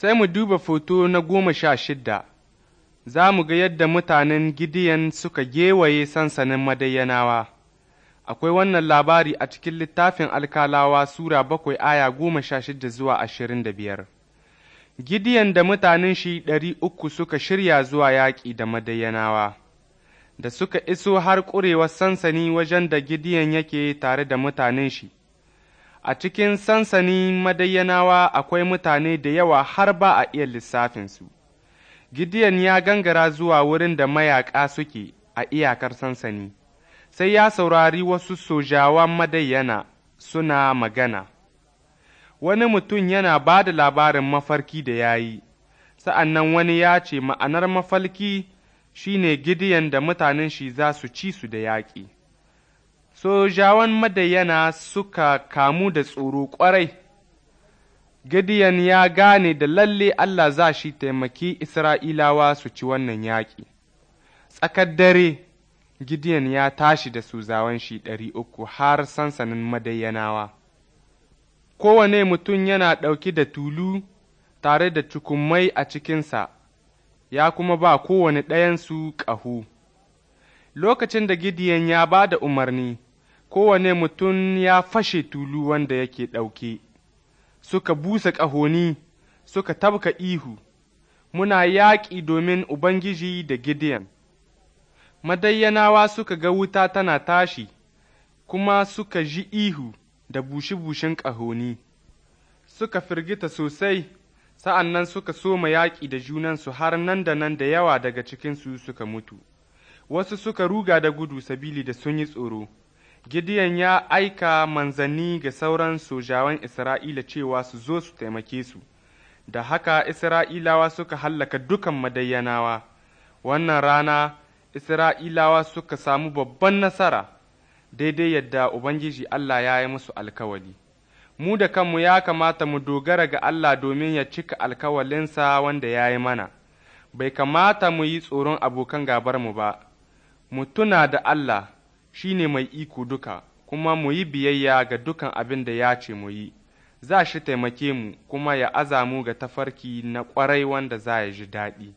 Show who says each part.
Speaker 1: sai mu duba foto na goma sha shida za mu ga yadda mutanen Gidiyan suka gewaye sansanin madayyanawa. Akwai wannan labari a cikin littafin alkalawa Sura bakwai aya goma sha shidda zuwa ashirin da biyar. Gidiyan da mutanen shi ɗari uku suka shirya zuwa yaƙi da madayyanawa. Da suka iso har ƙurewar sansani wajen da Gideon yake tare da mutanen shi. a cikin sansanin madayyanawa akwai mutane da yawa har ba a iya lissafinsu. Gideon ya gangara zuwa wurin da mayaƙa suke a iyakar sansani, sai ya saurari wasu sojawan madayyana suna magana. Wani mutum yana ba da labarin mafarki da ya yi, sa'an nan wani ya ce ma'anar mafarki shi ne Gideon da mutanen shi za su ci su da yaƙi. sojawan madayyana suka kamu da tsoro ƙwarai, Gideon ya gane da lalle Allah za shi taimaki Isra'ilawa su ci wannan yaƙi. Tsakar dare, Gideon ya tashi da suzawan shi ɗari uku har sansanin madayyanawa. Kowane mutum yana ɗauki da tulu tare da cukummai a cikinsa, ya kuma ba kowane ɗayansu ƙahu lokacin da Gideon ya ba da umarni, kowane mutum ya fashe tulu wanda yake ɗauke, suka busa ƙahoni, suka tabka ihu, muna yaƙi domin Ubangiji da Gideon. Madayyanawa suka ga wuta tana tashi, kuma suka ji ihu da bushe-bushen ƙahoni, suka firgita sosai, sa'an nan suka soma yaƙi da junansu har nan da nan da yawa daga cikinsu suka mutu. wasu suka ruga da gudu sabili da sun yi tsoro. Gideon ya aika manzanni ga sauran sojawan Isra'ila cewa su zo su taimake su, da haka Isra'ilawa suka hallaka dukan madayyanawa. Wannan rana Isra'ilawa suka samu babban nasara, daidai yadda Ubangiji Allah ya yi musu alkawali. Mu da kanmu ya kamata mu dogara ga Allah domin ya cika alkawalinsa wanda ya yi mana, bai kamata mu yi tsoron abokan gabar mu ba. mu tuna da Allah shi ne mai iko duka, kuma mu yi biyayya ga dukan abin da ya ce mu yi, za shi taimake mu kuma ya aza mu ga tafarki na ƙwarai wanda za ya ji daɗi.